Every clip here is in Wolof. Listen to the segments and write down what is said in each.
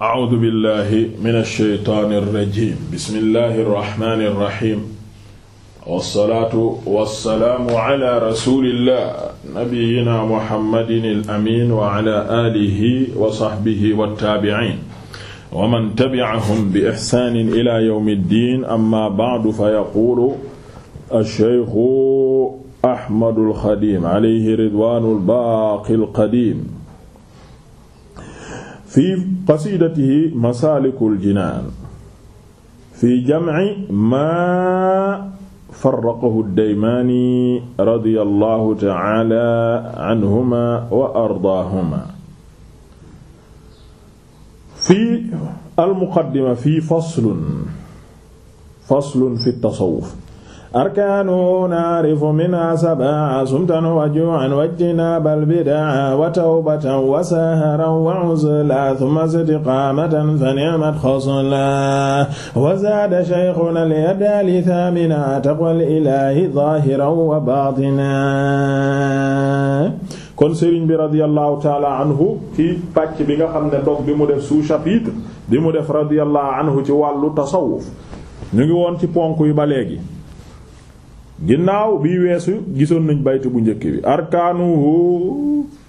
a'uudu billahi mina shaytaani rajiim bismillahi rahmaani rahiim wassalaatu wassalaamu ala rasulillah nabiyyina muhammadin al-amiin wa ala aalihi wa sahbihi wa taabi'iin wa man tabi'ahum bi ihsaanin ilaa yawmi ddiin amma ba'du fa yaquulu ash-shaykhu Ahmadul Xadiim alayhi ridwaanul baaqil qadiim fi qasidatihi masalikul jinaan fi jam'i ma farraqahu ad-Daymaani radiyallahu ta'ala anhuma wa ardaahuma fi al-muqaddima fi faslun faslun fi at-tasawwuf arkaanu naarifu minha sab'a sumtan wa ju'an wa ijtinaabal bidaa wa tawbatan wa saharan wa uzla thumma istiqaamatan fa ni'mat xasla wa zaada shaykhuna al-yadaali thaamina taqwal ilaahi zaahiran wa baatina kon sëriñ bi radiyallahu taala anhu ci pàcc bi nga xam ne dog bi mu def sous-chapitre bi mu def radiyallahu anhu ci wàllu tasawuf ñu ngi woon ci ponk yu ba léegi ginnaaw bi weesu gisoon nañ baytu bu njëkk bi arkaanuhu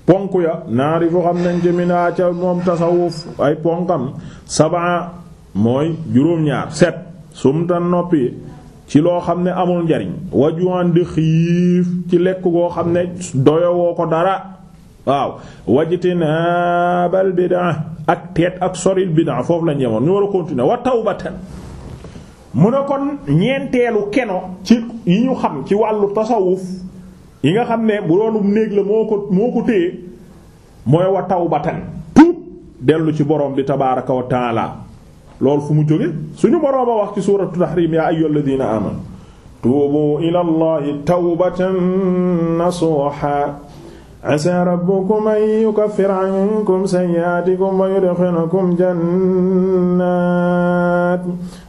ponk ya naari foo xam nañ ci minaa ca moom tasawuf ay ponkam sab'a mooy juróom-ñaar set sumtan noppi ci loo xam ne amul njariñ wajuwaan di xiif ci lekk goo xam ne doyowoo ko dara waaw bi bid'a ak teet ak soril bid'a foofu lañ yemoon ñu war a continuer wa tawbatan mu ne kon ñeenteelu keno ci yi ñu xam ci wàllu tasawuf yi nga xam ne bu doonum néeg la moo ko moo ko téye mooy wa tawbatan tuub dellu ci boroom bi tabaaraka wa taala loolu fu mu jóge suñu boroom a wax ci suuratu tahrim yaa ayyuhal ladina amanu tuubu ila allahi tawbatan nasuha asaa rabbukum an yukaffir ankum sayyi'aatikum wa yudxilakum jannaat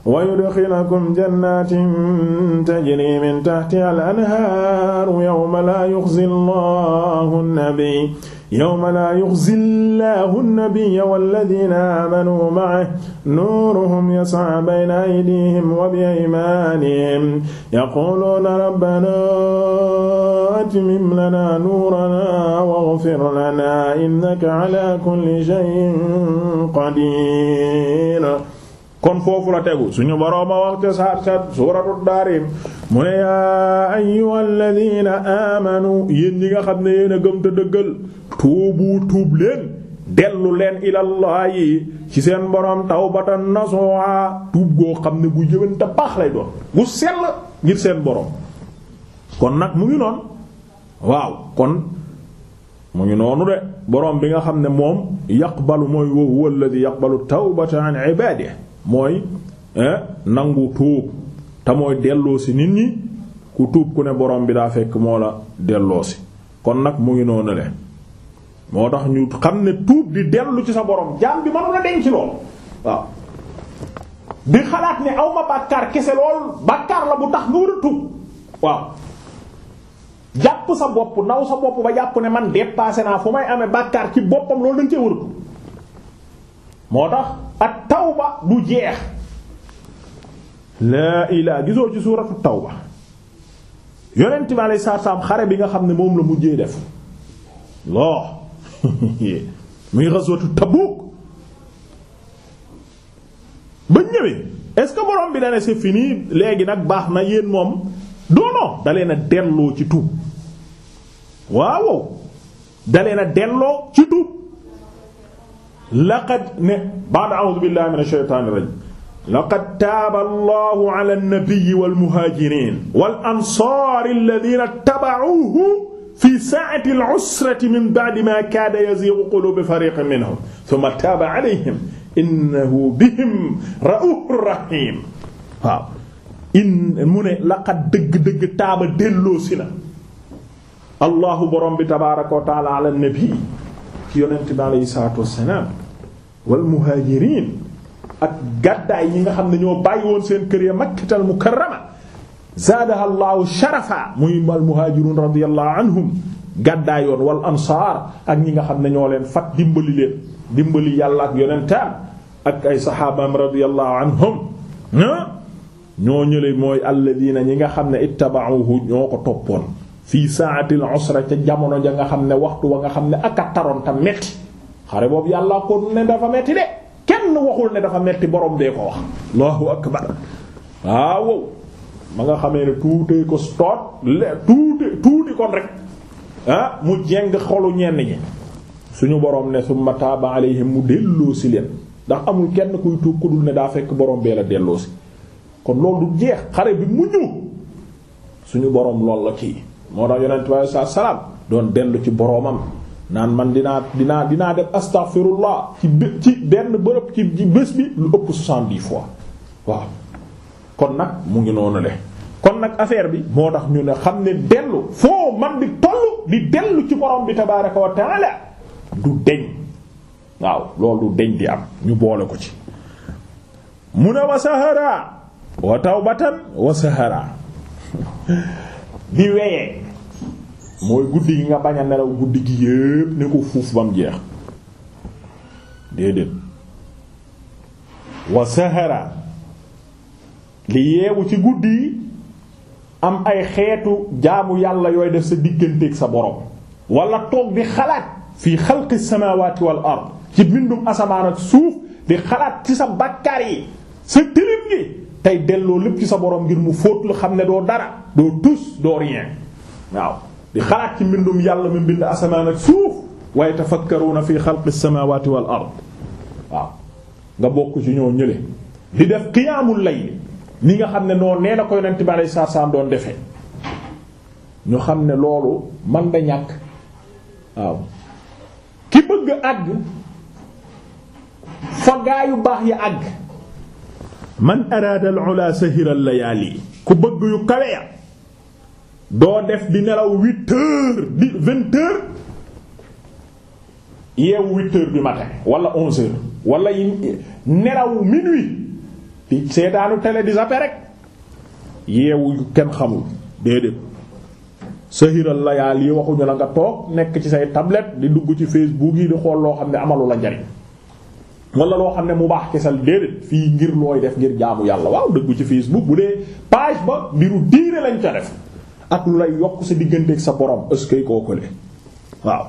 wa yudxilakum jannaatin tajrii min tahtiha al-anhaaru yawma laa yuxzi Allahu an-nabiyya yawma laa yuxzi llaahu nabiyya wallaziina aamanuu ma'ahu nuuruhum yas'aa bayna aydiihim wa bi aymaanihim yaquuluuna rabbanaa atmim lanaa nuuranaa waghfir lanaa innaka alaa kulli shay'in qadiir kon foofu la tegu suñu borooma waxte saat-sat suuratu daarim mu ne yaa ayyuhal laziina aamanuu yéen ñi nga xam ne yéen a gëm te dëggal tuubu tuub leen dellu leen ilallaahi ci seen borom tawbatan nasuha tuub goo xam ne bu jëwén te baax lay doon bu sell ngir seen borom kon nag mu ngi noonu waaw kon mu ngi noonu de borom bi nga xam ne moom yaqbalu mooy wa huwa alladhi yaqbalu tawbata mooy eh, nangu tuub te mooy si nit ñi ku tuub ku ne borom bi daa fekk moo la si kon nag mu ngi noonu le moo tax ñu xam ne tuub di dellu ci sa borom jaam bi mënu la denc lool waaw di xalaat ne awma bàkkaar kese lool bàkkaar la bu tax nga war waaw jàpp sa bopp naw sa bopp ba jàpp ne man dépassé naa fu may amee bàkkaar ci boppam loolu dañ cee war moo tax ak tawba du jeex laa ilaa gisoo ci suuratu taw yonent bi alayhi salaam xare bi nga xam ne moom la mujjee def loo muy ghazwatu Tabuk ba ñëwee est-ce que borom bi dana c'est fini léegi nag baax na yéen moom doono dalee na delloo ci tuub waaw dalee na delloo ci tuub laqad ne ba'da a'udhu billahi minash shaytanir rajim laqad taaba allahu ala an-nabiyyi wal muhajirin wal ansari alladhina tabauhu fi saati al-usrati min ba'di ma kaada yazighu qulubu fariqin minhum thumma taaba alayhim innahu bihim ra'uufun rahiim waaw in mu ne laqad dëgg-dëgg taaba delloosi na allahu borom bi tabaaraka wa taala ala nabi ci yonent bi alayhi salaatu wassalaam wal muhaajiriin ak gàddaay yi nga xam ne ñoo bàyyi woon seen kër ya makkatal mukarrama zaadaha llaahu sharafa muy al muhaajiruun radiyallahu anhum gàddaayoon wal ansaar ak ñi nga xam ne ñoo leen fat dimbali leen dimbali yàlla ak yonentaan ak ay saxaabaam radiyallahu anhum ñoo ñële mooy alladina ñi nga xam ne ittaba'uhu ñoo ko toppoon fii saatil usra ca jamono ja nga xam ne waxtu wa nga xam ne aka taroon ta metti xare boobu yàlla ko ne dafa metti de kenn waxul ne dafa metti boroom bee ko wax allahu akbar waaw ma nga xamee ne tuutee ko stoot tuute tuuti kon rek ah mu jeng xolu ñenn ñi suñu borom ne summa taaba alayhim mu delloo si leen ndax amul kenn kuy tuub ne daa fekk borom bee la delloo kon loolu du jeex xare bi mujj suñu borom lool la kii moo tax yonent bi alayhi salaam doon dellu ci boroomam naan man dinaa dinaa dinaa def astaghfirullah ci ci benn bërëb ci bés bi lu ëpp soixante-dix fois waaw kon nag mu ngi noonu le kon nag affaire bi moo tax ñu ne xam ne dellu foo man di toll di dellu ci borom bi tabaaraka wa taala du deñ waaw loolu du deñ di am ñu boole ko ci mu ne wa sahara wa tawbatan wa sahara di weyee mooy guddi gi nga bañ a nelaw guddi gi yépp ne ko fuuf ba mu jeex déedéet wa li yeewu ci guddi yi am ay xeetu jaamu yàlla yooy def sa digganteeg sa borom walla toog di xalaat fii xalqi samawati wal ard ci bindum asamaan ak suuf di xalaat ci sa bakkaar yi sa tilim gi tey delloo lépp ci sa borom ngir mu fóot lu xam ne doo dara doo tus doo rien waaw di xalaat ci mbindum yàlla mi mbind asamaan ak suuf waaye tafakkaruna fi xalqi samawati wal ard waaw nga bokk ci ñoo ñële di def qiyaamul layl ni nga xam ne noonu nee na ko yonent bi alayhi salaam doon defee ñu xam ne loolu man ba ñàkk waaw ki bëgg àgg fa yu baax yi àgg man araada al-ula sahira al yi ku bëgg yu kawe ya doo def bi nelaw huit heures di vingt yeewu huit heures du matin wala onze heures wala nelaw minuit di seetaanu télé di zappe rek yeewu kenn xamul déedéet sahiral la yaa lii waxuñu la nga toog nekk ci say tablette di dugg ci Facebook yi di xool loo xam ne amalu la njariñ wala loo xam ne mu baax kesal déedéet fii ngir looy def ngir jaamu yàlla waaw dugg ci Facebook bu dee page ba mbiru diine lañ ca def ak lu lay yokk sa digganteeg sa borom est-ce que waaw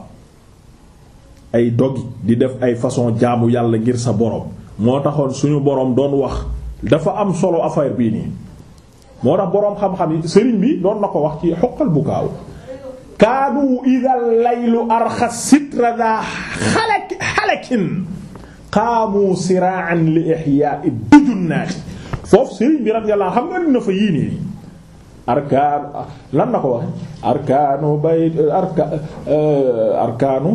ay dog di def ay façon jaamu yàlla ngir sa borom moo taxoon suñu borom doon wax dafa am solo affaire bii nii moo tax boroom xam-xam yi sëriñ bi doon na ko wax ci xoqal bu kaaw kaadu idal laylu arxa sitra daa xalak xalakin qaamu siraan li ihyaa bijunnaati foofu sëriñ bi radiyallahu xam nga ni na fa yii nii arkaan lan na ko wax arkaanu bay arka euh, arkaanu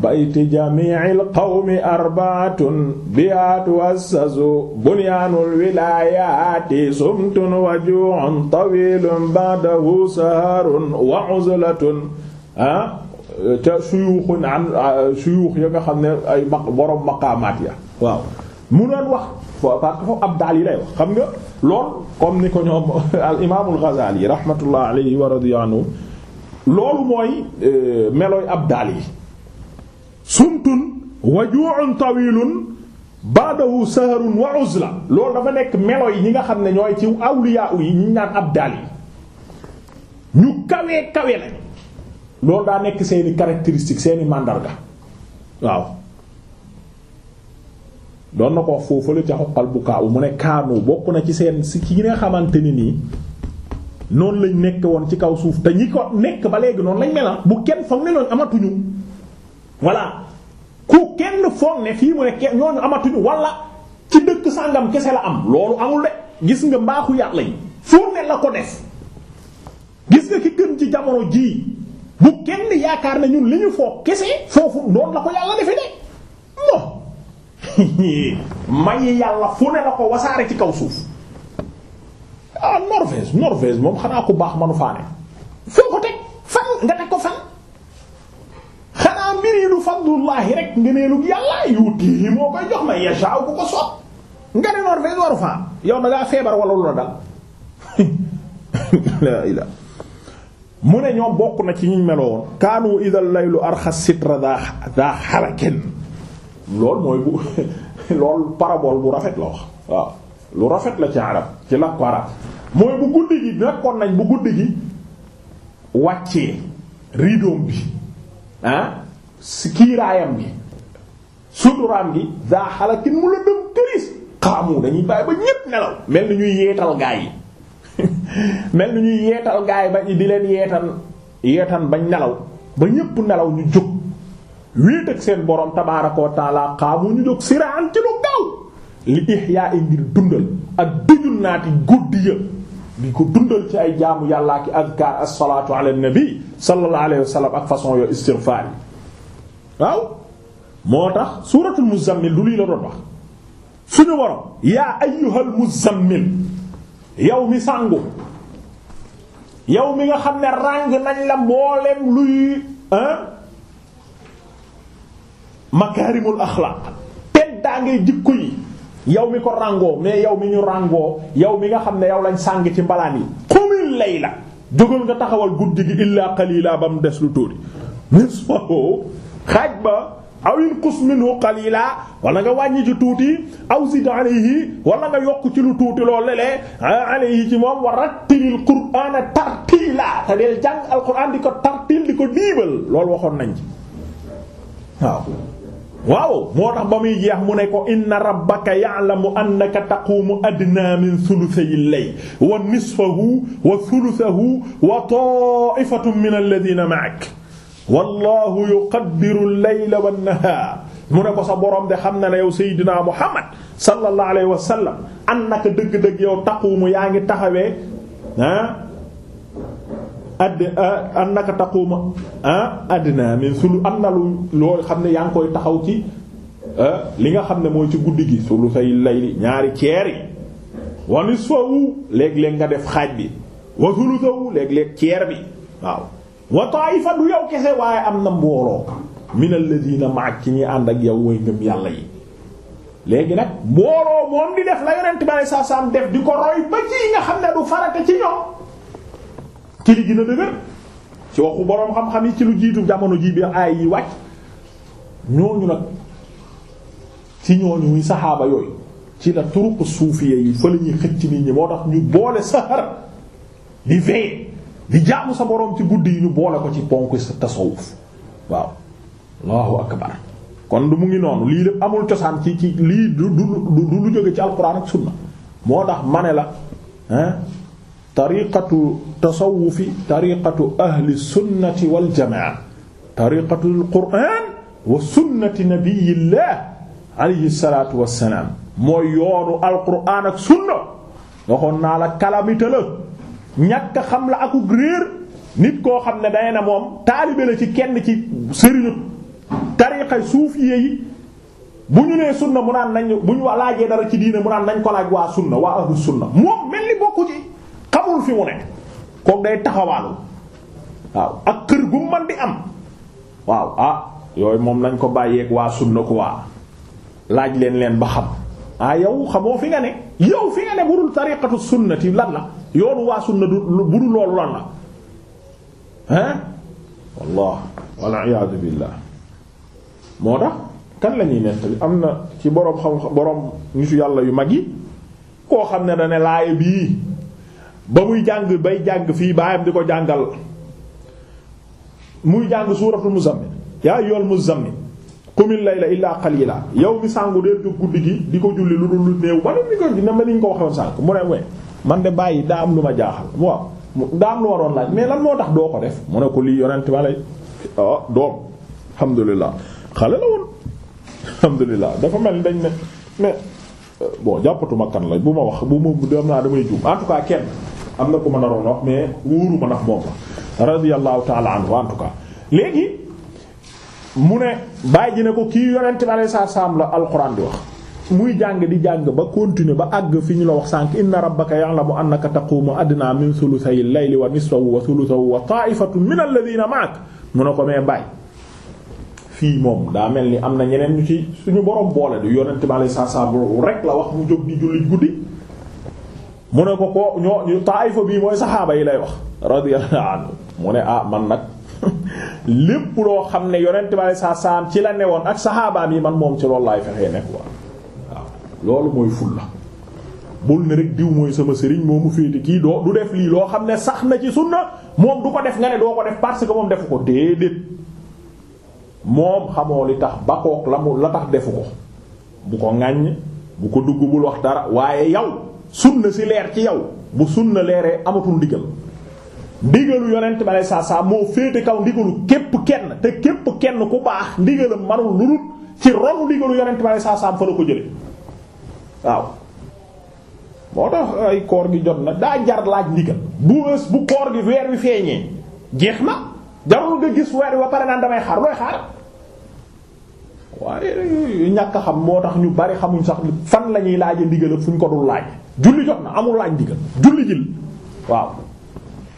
bayti jamiil qawmi arbaatun bi'aatu assasu bunyaanul wilaayaati sumtun wa juu'un tawiilun ba'dahu saharun wa uzlatun ah te suyuuxun an suyuux ya nga xam ne ay maq borom maqaamaat ya waaw mu doon wax parce que foofu ab daal yi lay wax xam nga lool comme ni ko ñoom al imaamul Ghazali rahmatullah alayhi wa radiya anhu loolu mooy eh, melooy ab daal yi sumtun wa ju'un tawilun badawu saharun wa la loolu dafa nekk melo yi ñi nga xam ne ñooy ci awliya yi ñu naan ab yi ñu kawee kawe lañu loolu daa nekk seeni caractéristique seeni màndarga waaw doon na ko foofu la ca xoqal bu kaaw mu ne kaanu bokk na ci seen si ci nga xamante ni nii noonu lañ nekk woon ci kaw suuf te ñi ko nekk ba léegi noonu lañ mel bu kenn foog ne loolu amatuñu voilà ku kenn foog ne fii mu ne kenn ñooñu amatuñu wala ci dëkk sàngam kese la am loolu amul de gis nga mbaaxu yàlla yi fu ne la ko gis nga ki gën ci jamono jii bu kenn yaakaar na ñu foog kese foofu noonu la ko yàlla defe de non mayi yàlla fu ne la ko wasaare ci kaw suuf ah Norvège moom xanaa ku baax manu faane foo ko teg fan nga teg ko fan ndax mbir rek ngëneelu yàlla yuutihi moo koy jox ma yashaaw ku ko soob nga ne waru fa yow da ngaa feebar wala lu la dal la ila mu ne ñoom bokk na ci ñu melowoon kaanu idal laylu arxa sitra daa daa xaraken loolu mooy bu loolu parabole bu rafet la wax waaw lu rafet la ci arab ci làkku arab mooy bu guddi gi nekkoon nañ bu guddi gi wàccee riidoom bi ah? si kiiraayam gi suturaam gi daa xalakin mu la dem këris xaamu dañuy bàyyi ba ñépp nelaw mel ni ñuy yeetal gaay yi mel ni ñuy yeetal gaay ba di leen yeetan yeetan bañ nelaw ba ñépp nelaw ñu jóg wéet ak seen boroom tabaaraka wa xaamu ñu jóg siraan ci lu gaaw li ihyaa i ngir dundal ak dëjul naati guddi ya di ko dundal ci ay jaamu yàllaa ki azkaar as-salaatu ala nabi sallallahu alayhi ak façon yoo istighfar yi waaw moo tax suuratul muzammil du lii la doon wax suñu borom yaa ayyuhal muzammil yow mi sàngu yow mi nga xam ne ràng nañ la mboolem luy makaarimul axlaaq teddaa ngay jikko yi yow mi ko ràngoo mais yow mi ñu ràngoo yow mi nga xam ne yow lañ sàng ci mbalaan yi qumil la jógal nga taxawal guddi gi illaa qalila ba mu des lu tuuti nisfahu xaaj ba aw inqus minhu qalila wala nga wàññi ci tuuti aw zid alayhi wala nga yokk ci lu tuuti loolu léeg-léeg alayhi ci moom wa rattilil qur'ana tartila te deel jàng alquran di ko tartil di ko diibal loolu waxoon nañ ci waaw moo tax ba muy jeex mu ne ko inna rabbaka ya'lamu annaka taqumu adna min thuluthayi al-layl wa nisfahu wa thuluthahu wa ta'ifatun min alladhina ma'ak wallahu yuqaddiru al-layla wan mu ne ko sa borom de xam na ne yow Seydina Muhammad sallallahu alayhi wa sallam annaka dëgg-dëgg yow taquumu yaa ngi taxawee ah. add ah, annaka taquumu ah adna min sulu am na lu loo xam ne yaa ngi koy taxaw ci ah, li nga xam ne mooy ci guddi gi sulu say layli ñaari ceer yi wa nisfahu léeg-léeg nga def xaaj bi wa sulusahu léeg-léeg ceer bi waaw. wa ta'ifa du yow kese waaye am na mbooloo min alladhina ma'ak ci ñuy ànd ak yow way ngëm yàlla yi léegi nag mbooloo moom di def la yonent bi saa saam def di ko roy ba ci nga xam ne du farata ci ñoom ci li gën dëgër ci waxu boroom xam-xam yi ci lu jiitu jamono ji bi aay yi wàcc ñooñu nag ci ñooñu muy saxaaba yooyu ci la turuq suufiya yi fa la ñuy xëcc nit ñi moo tax ñu boole sahar di veiller di jaamu sa boroom ci guddi yi ñu boole ko ci ponk sa tasawuf waaw allahu akbar kon du mu ngi noonu lii lépp amul cosaan ci ci lii du du lu jóge ci alquran ak sunna moo tax mane la hein tariqatu tasawufi tariqatu ahli sunnati wal jamaa tariqatu alquran wa sunnati nabiyillah alayhi salaatu wassalaam mooy yoonu alquran ak sunna waxoon naa la kalamita la ñàkk xam la akuk réer nit koo xam ne day na moom taalibe la ci kenn ci sëriñu tariqa suufiye yi bu ñu nee sunna mu naan nañ bu ñu laajee dara ci diine mu naan nañ ko laaj waa sunna waa ahlu sunna moom mel ni bokku ci xamul fi mu day taxawaalu waaw ak kër gu man di am waaw ah yooyu moom nañ ko bàyyeeg waa sunna ko waa laaj leen leen ba xam ah yow xamoo fi nga ne yow fi nga ne budul tariqatu sunnati lan la yoonu waa na du bu du loolu lan la hein wallah wal iyaadu billah moo tax kan lañuy nettali am na ci boroom xam boroom nitu yàlla yu mag yi koo xam ne na ne laaya bii ba muy jàng bay jàng fii baayam di ko jàngal muy jàng suuratul muzammil yaa ayyuhal muzammil qumil layla illaa qalila yow mi sàngu dee jóg guddi gi di ko julli lu dul lu néew ba ne ni ko dina ma niñ ko waxoon sànk mu ne man de bàyyi daa am lu ma jaaxal waaw daa am lu waroon laaj mais lan moo tax doo ko def mu ne ko lii yonent ma lay ah doom alhamdulilah xale la dafa mel dañ ne mais euh, la bu ma wax bu en tout cas kenn am na ku ma naroon wax mais wóoru ma ndax en tout cas léegi ne bàyyi ji ne ko kii yonent ma lay sa saam la alxuraan di wax muy jàng di jàng ba continuer ba àgg fi ñu la wax sànk inna rabbaka ya'lamu annaka taqumu adna min thuluthay al-layli wa nisfahu wa thuluthahu wa ta'ifatun min alladhina ma'ak mu ne ko mee bàyy fii moom daa mel ni am na ñeneen ñu ci suñu borom boole du yonent bi alayhi salaam rek la wax mu jóg di jullit guddi mu ne ko ko ñoo ñu taaifa bii mooy saxaaba yi lay wax radiyallahu anhu mu ne ah man nag lépp loo xam ne yonent bi alayhi salaam ci la newoon ak saxaabaam yi man moom ci loolu laay loolu mooy fulla bul ne rek diw mooy sama sëriñ moo mu féete kii doo du def lii loo xam ne sax na ci sunna moom du ko def nga ne doo ko def parce que moom defu ko déedéet moom xamoo li tax bakoog la mu la tax defu ko bu ko ŋàññ bu ko dugg bul wax dara waaye yow sunna si leer ci yow bu sunna leeree amatul ndigal ndigalu yonent ba ne saa saa moo féete kaw ndigalu képp kenn te képp kenn ku baax ndigalam manul lu dul ci ronu ndigalu yonent ba ne saa saa ko jële waaw moo tax ay koor gi jot na daa jar laaj ndigal bu ës bu koor gi weer wi feeñee jeex na jarul nga gis weer wi ba pare naan damay xaar looy xaar waaye ñàkk xam moo tax ñu bari xamuñ sax fan la ñuy laaje ndigal ak fu ñu ko dul laaj julli jot na amul laaj ndigal julli jil waaw